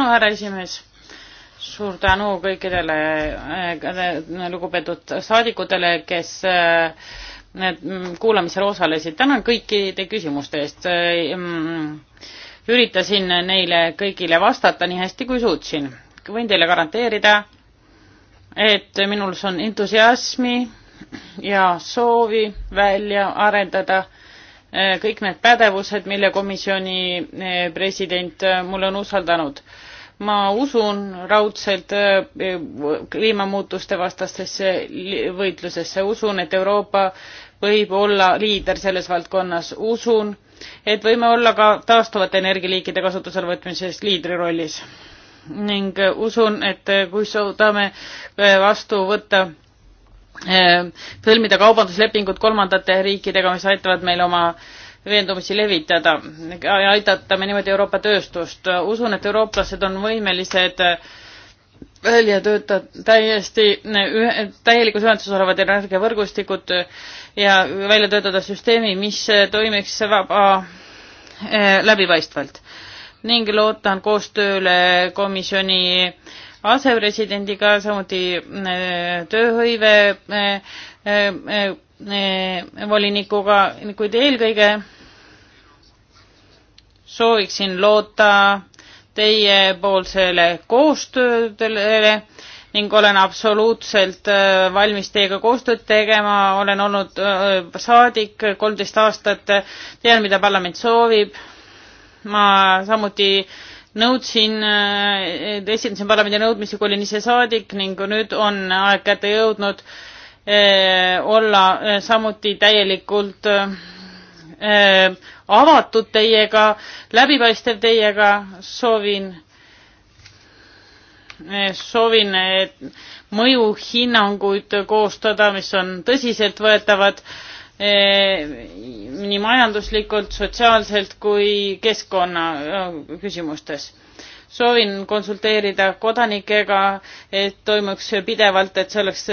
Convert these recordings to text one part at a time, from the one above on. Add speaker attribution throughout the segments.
Speaker 1: tänu no,, härra esimees. suur tänu kõikidele äh, lugupeetud saadikutele, kes äh, need mm, kuulamisel osalesid. tänan kõikide küsimuste eest äh,. üritasin neile kõigile vastata nii hästi, kui suutsin. võin teile garanteerida, et minus on entusiasmi ja soovi välja arendada kõik need pädevused, mille komisjoni president mulle on usaldanud ma usun raudselt äh, kliimamuutuste vastasesse võitlusesse, usun, et Euroopa võib olla liider selles valdkonnas, usun, et võime olla ka taastuvate energialiikide kasutusele võtmises liidri rollis. ning äh, usun, et äh, kui suudame vastu võtta sõlmida kaubanduslepingud kolmandate riikidega, mis aitavad meil oma äh, veendumusi levitada ja aidata me niimoodi Euroopa tööstust. usun, et eurooplased on võimelised välja töötada täiesti ühe, täielikus ühenduses olevad energiavõrgustikud ja välja töötada süsteemi, mis toimiks vaba äh, läbipaistvalt. ning loodan koostööle komisjoni asepresidendiga, samuti äh, tööhõive äh, volinikuga, kuid eelkõige sooviksin loota teiepoolsele koostöödele ning olen absoluutselt äh, valmis teiega koostööd tegema, olen olnud äh, saadik kolmteist aastat, tean, mida parlament soovib. ma samuti nõudsin, äh, esindasin parlamendi nõudmisi, kui olin ise saadik ning nüüd on aeg kätte jõudnud olla samuti täielikult Äh, avatud teiega, läbipaistev teiega, soovin, äh, soovin mõjuhinnanguid koostada, mis on tõsiseltvõetavad äh, nii majanduslikult, sotsiaalselt kui keskkonna küsimustes. soovin konsulteerida kodanikega, et toimuks pidevalt, et see oleks,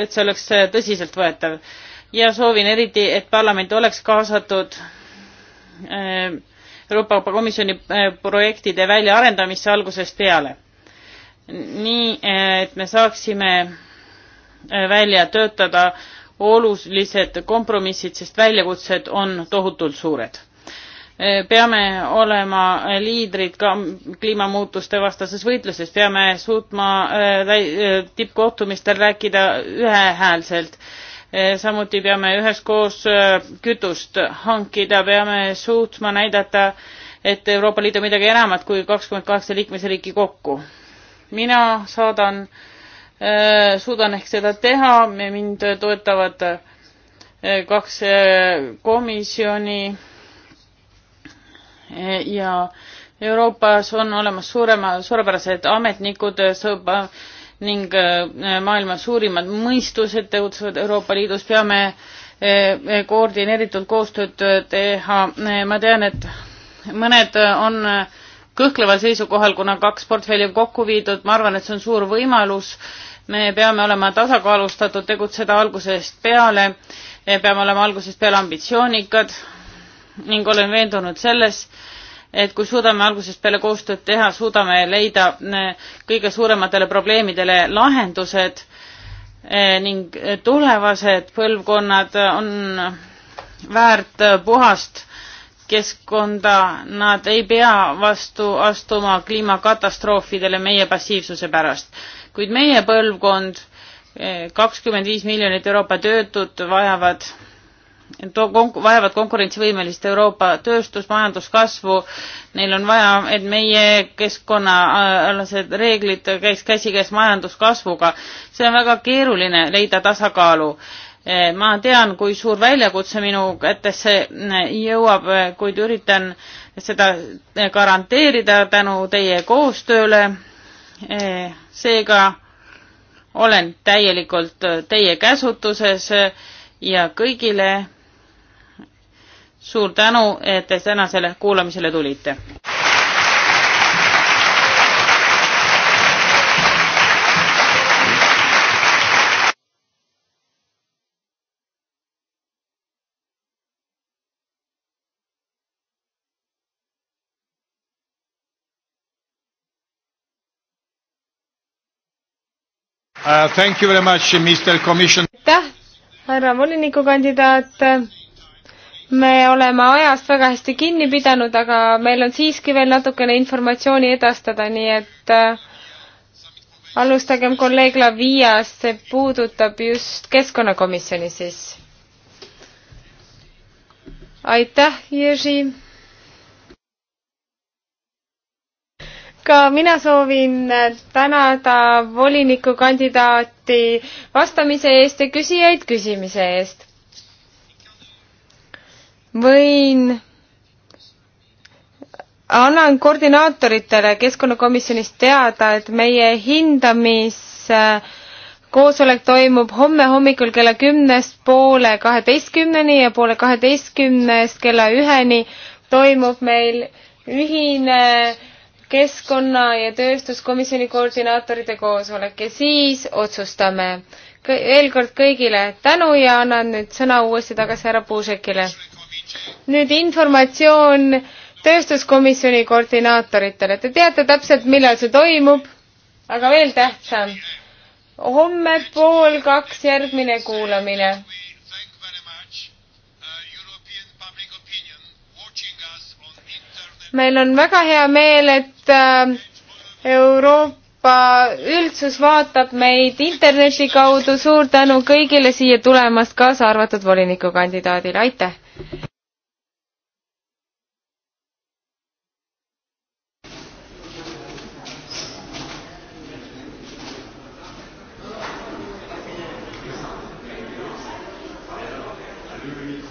Speaker 1: et see oleks tõsiseltvõetav ja soovin eriti, et parlament oleks kaasatud äh, Euroopa Komisjoni äh, projektide väljaarendamisse algusest peale. nii, äh, et me saaksime välja töötada olulised kompromissid, sest väljakutsed on tohutult suured. peame olema liidrid ka kliimamuutuste vastases võitluses, peame suutma tippkohtumistel rääkida ühehäälselt Eh, samuti peame üheskoos eh, kütust hankida, peame suutma näidata, et Euroopa Liit on midagi enamat kui kakskümmend kaheksa liikmesriiki kokku. mina saadan, eh, suudan ehk seda teha, mind toetavad kaks komisjoni ja Euroopas on olemas suurema, suurepärased ametnikud, ning äh, maailma suurimad mõistused tegutsevad Euroopa Liidus, peame äh, äh, koordineeritud koostööd teha. ma tean, et mõned on kõhkleval seisukohal, kuna kaks portfelli on kokku viidud, ma arvan, et see on suur võimalus. me peame olema tasakaalustatud, tegutseda algusest peale, peame olema algusest peale ambitsioonikad ning olen veendunud selles, et kui suudame algusest peale koostööd teha, suudame leida eh, kõige suurematele probleemidele lahendused eh, ning tulevased põlvkonnad on väärt puhast keskkonda, nad ei pea vastu astuma kliimakatastroofidele meie passiivsuse pärast. kuid meie põlvkond, eh, kakskümmend viis miljonit Euroopa töötut vajavad vajavad konkurentsivõimelist Euroopa tööstus, majanduskasvu, neil on vaja, et meie keskkonnaalased reeglid käiks käsikäes majanduskasvuga. see on väga keeruline leida tasakaalu. Eh, ma tean, kui suur väljakutse minu kätesse eh, jõuab, eh, kuid üritan seda garanteerida tänu teie koostööle. seega olen täielikult teie käsutuses ja kõigile suur tänu, et te tänasele kuulamisele tulite.
Speaker 2: Uh, thank you very much, Mr. Commission. aitäh, härra volinikukandidaat me oleme ajast väga hästi kinni pidanud, aga meil on siiski veel natukene informatsiooni edastada, nii et äh, alustagem kolleeg Laviast, see puudutab just keskkonnakomisjoni siis. aitäh, Jüri. ka mina soovin tänada volinikukandidaati vastamise eest ja küsijaid küsimise eest võin annan koordinaatoritele keskkonnakomisjonist teada, et meie hindamiskoosolek toimub homme hommikul kella kümnest poole kaheteistkümneni ja poole kaheteistkümnest kella üheni toimub meil ühine keskkonna ja tööstuskomisjoni koordinaatorite koosolek ja siis otsustame. veel kord kõigile tänu ja annan nüüd sõna uuesti tagasi härra Puusekile nüüd informatsioon tööstuskomisjoni koordinaatoritele. Te teate täpselt, millal see toimub, aga veel tähtsam, homme pool kaks järgmine kuulamine. meil on väga hea meel, et äh, Euroopa üldsus vaatab meid interneti kaudu. suur tänu kõigile siia tulemast, kaasa arvatud volinikukandidaadile, aitäh!